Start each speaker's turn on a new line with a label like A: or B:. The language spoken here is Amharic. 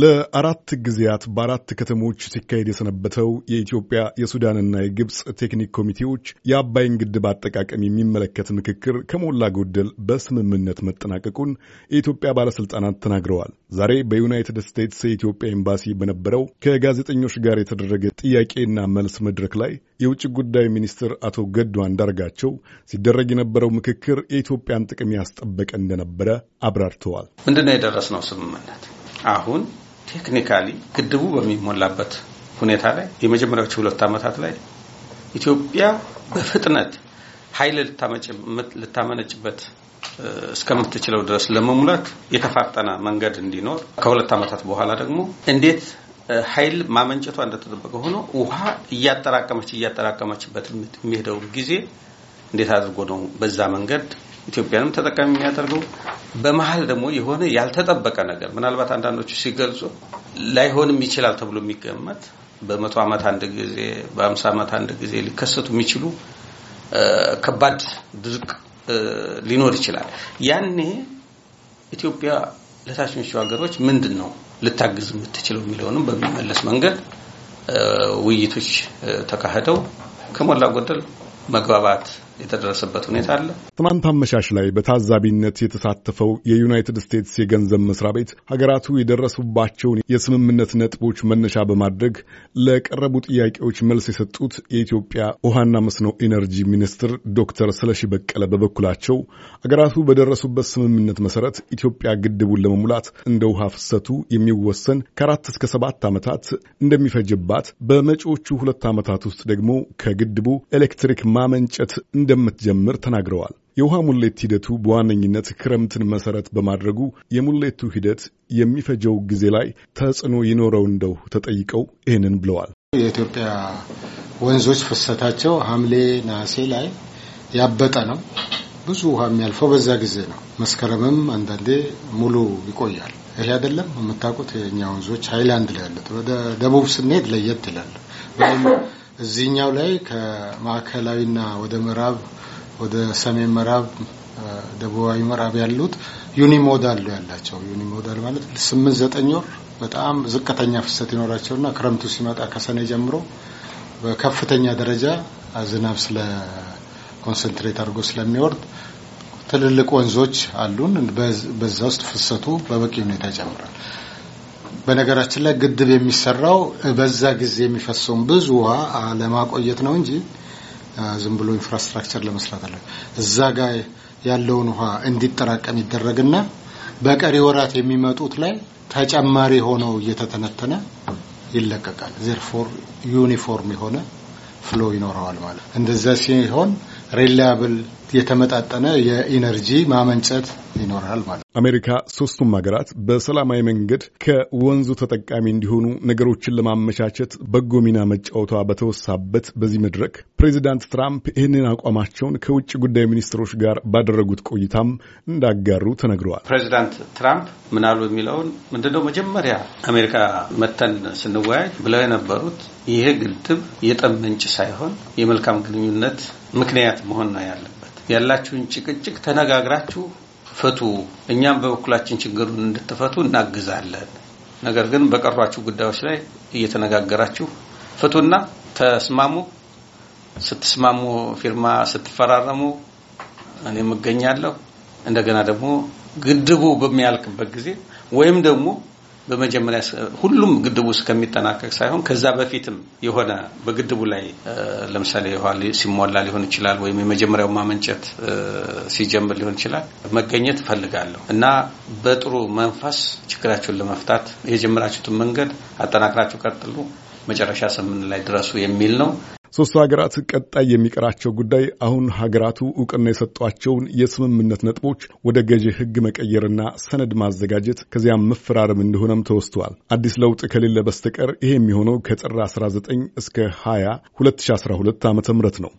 A: ለአራት ጊዜያት በአራት ከተሞች ሲካሄድ የሰነበተው የኢትዮጵያ የሱዳንና የግብፅ ቴክኒክ ኮሚቴዎች የአባይን ግድብ አጠቃቀም የሚመለከት ምክክር ከሞላ ጎደል በስምምነት መጠናቀቁን የኢትዮጵያ ባለስልጣናት ተናግረዋል። ዛሬ በዩናይትድ ስቴትስ የኢትዮጵያ ኤምባሲ በነበረው ከጋዜጠኞች ጋር የተደረገ ጥያቄና መልስ መድረክ ላይ የውጭ ጉዳይ ሚኒስትር አቶ ገዱ አንዳርጋቸው ሲደረግ የነበረው ምክክር የኢትዮጵያን ጥቅም ያስጠበቀ እንደነበረ አብራርተዋል።
B: ምንድነው የደረስነው ስምምነት አሁን ቴክኒካሊ ግድቡ በሚሞላበት ሁኔታ ላይ የመጀመሪያዎቹ ሁለት ዓመታት ላይ ኢትዮጵያ በፍጥነት ኃይል ልታመነጭበት እስከምትችለው ድረስ ለመሙላት የተፋጠነ መንገድ እንዲኖር ከሁለት ዓመታት በኋላ ደግሞ እንዴት ኃይል ማመንጨቷ እንደተጠበቀ ሆኖ ውሃ እያጠራቀመች እያጠራቀመችበት የሚሄደው ጊዜ እንዴት አድርጎ ነው በዛ መንገድ ኢትዮጵያንም ተጠቃሚ የሚያደርገው በመሀል ደግሞ የሆነ ያልተጠበቀ ነገር ምናልባት አንዳንዶቹ ሲገልጹ ላይሆንም ይችላል ተብሎ የሚገመት በመቶ ዓመት አንድ ጊዜ በአምሳ ዓመት አንድ ጊዜ ሊከሰቱ የሚችሉ ከባድ ድርቅ ሊኖር ይችላል። ያኔ ኢትዮጵያ ለታችኞቹ ሀገሮች ምንድን ነው ልታግዝ የምትችለው የሚለውንም በሚመለስ መንገድ ውይይቶች ተካሂደው ከሞላ ጎደል መግባባት የተደረሰበት ሁኔታ አለ።
A: ትናንት አመሻሽ ላይ በታዛቢነት የተሳተፈው የዩናይትድ ስቴትስ የገንዘብ መስሪያ ቤት ሀገራቱ የደረሱባቸውን የስምምነት ነጥቦች መነሻ በማድረግ ለቀረቡ ጥያቄዎች መልስ የሰጡት የኢትዮጵያ ውሃና መስኖ ኢነርጂ ሚኒስትር ዶክተር ስለሺ በቀለ በበኩላቸው ሀገራቱ በደረሱበት ስምምነት መሰረት ኢትዮጵያ ግድቡን ለመሙላት እንደ ውሃ ፍሰቱ የሚወሰን ከአራት እስከ ሰባት ዓመታት እንደሚፈጅባት በመጪዎቹ ሁለት ዓመታት ውስጥ ደግሞ ከግድቡ ኤሌክትሪክ ማመንጨት እንደምትጀምር ተናግረዋል። የውሃ ሙሌት ሂደቱ በዋነኝነት ክረምትን መሰረት በማድረጉ የሙሌቱ ሂደት የሚፈጀው ጊዜ ላይ ተጽዕኖ ይኖረው እንደው ተጠይቀው ይህንን ብለዋል። የኢትዮጵያ ወንዞች
C: ፍሰታቸው ሐምሌ ነሐሴ ላይ ያበጠ ነው። ብዙ ውሃ የሚያልፈው በዛ ጊዜ ነው። መስከረምም አንዳንዴ ሙሉ ይቆያል። ይሄ አይደለም የምታውቁት የእኛ ወንዞች ሀይላንድ ላይ ያሉት። ወደ ደቡብ ስንሄድ ለየት ይላል። እዚህኛው ላይ ከማዕከላዊና ወደ ምዕራብ ወደ ሰሜን ምዕራብ ደቡባዊ ምዕራብ ያሉት ዩኒሞዳል ነው ያላቸው። ዩኒሞዳል ማለት ስምንት ዘጠኝ ወር በጣም ዝቅተኛ ፍሰት ይኖራቸውና ክረምቱ ሲመጣ ከሰኔ ጀምሮ በከፍተኛ ደረጃ ዝናብ ስለ ኮንሰንትሬት አድርጎ ስለሚወርድ ትልልቅ ወንዞች አሉን። በዛ ውስጥ ፍሰቱ በበቂ ሁኔታ ይጨምራል። በነገራችን ላይ ግድብ የሚሰራው በዛ ጊዜ የሚፈሰውን ብዙ ውሃ ለማቆየት ነው እንጂ ዝም ብሎ ኢንፍራስትራክቸር ለመስራት አለ። እዛ ጋር ያለውን ውሃ እንዲጠራቀም ይደረግና በቀሪ ወራት የሚመጡት ላይ ተጨማሪ ሆነው እየተተነተነ ይለቀቃል። ዜርፎር ዩኒፎርም የሆነ ፍሎ ይኖረዋል ማለት እንደዛ ሲሆን ሪላያብል የተመጣጠነ የኢነርጂ
A: ማመንጨት ይኖራል ማለት ነው። አሜሪካ ሶስቱም ሀገራት በሰላማዊ መንገድ ከወንዙ ተጠቃሚ እንዲሆኑ ነገሮችን ለማመቻቸት በጎ ሚና መጫወቷ በተወሳበት በዚህ መድረክ ፕሬዚዳንት ትራምፕ ይህንን አቋማቸውን ከውጭ ጉዳይ ሚኒስትሮች ጋር ባደረጉት ቆይታም እንዳጋሩ ተነግረዋል።
B: ፕሬዚዳንት ትራምፕ ምናሉ የሚለውን ምንድነው መጀመሪያ አሜሪካ መተን ስንወያይ ብለው የነበሩት ይህ ግድብ የጠብ ምንጭ ሳይሆን የመልካም ግንኙነት ምክንያት መሆን ነው ያለ ያላችሁን ጭቅጭቅ ተነጋግራችሁ ፍቱ። እኛም በበኩላችን ችግሩን እንድትፈቱ እናግዛለን። ነገር ግን በቀሯችሁ ጉዳዮች ላይ እየተነጋገራችሁ ፍቱና ተስማሙ። ስትስማሙ ፊርማ ስትፈራረሙ እኔም እገኛለሁ። እንደገና ደግሞ ግድቡ በሚያልቅበት ጊዜ ወይም ደግሞ በመጀመሪያ ሁሉም ግድቡ እስከሚጠናቀቅ ሳይሆን ከዛ በፊትም የሆነ በግድቡ ላይ ለምሳሌ ውሃ ሲሞላ ሊሆን ይችላል፣ ወይም የመጀመሪያው ማመንጨት ሲጀምር ሊሆን ይችላል። መገኘት እፈልጋለሁ እና በጥሩ መንፈስ ችግራችሁን ለመፍታት የጀመራችሁትን መንገድ አጠናክራችሁ ቀጥሉ፣ መጨረሻ ስምምነት ላይ ድረሱ የሚል ነው። ሦስቱ
A: ሀገራት ቀጣይ የሚቀራቸው ጉዳይ አሁን ሀገራቱ እውቅና የሰጧቸውን የስምምነት ነጥቦች ወደ ገዢ ሕግ መቀየርና ሰነድ ማዘጋጀት ከዚያም መፈራረም እንደሆነም ተወስተዋል። አዲስ ለውጥ ከሌለ በስተቀር ይሄ የሚሆነው ከጥር 19 እስከ 20 2012 ዓ ም ነው።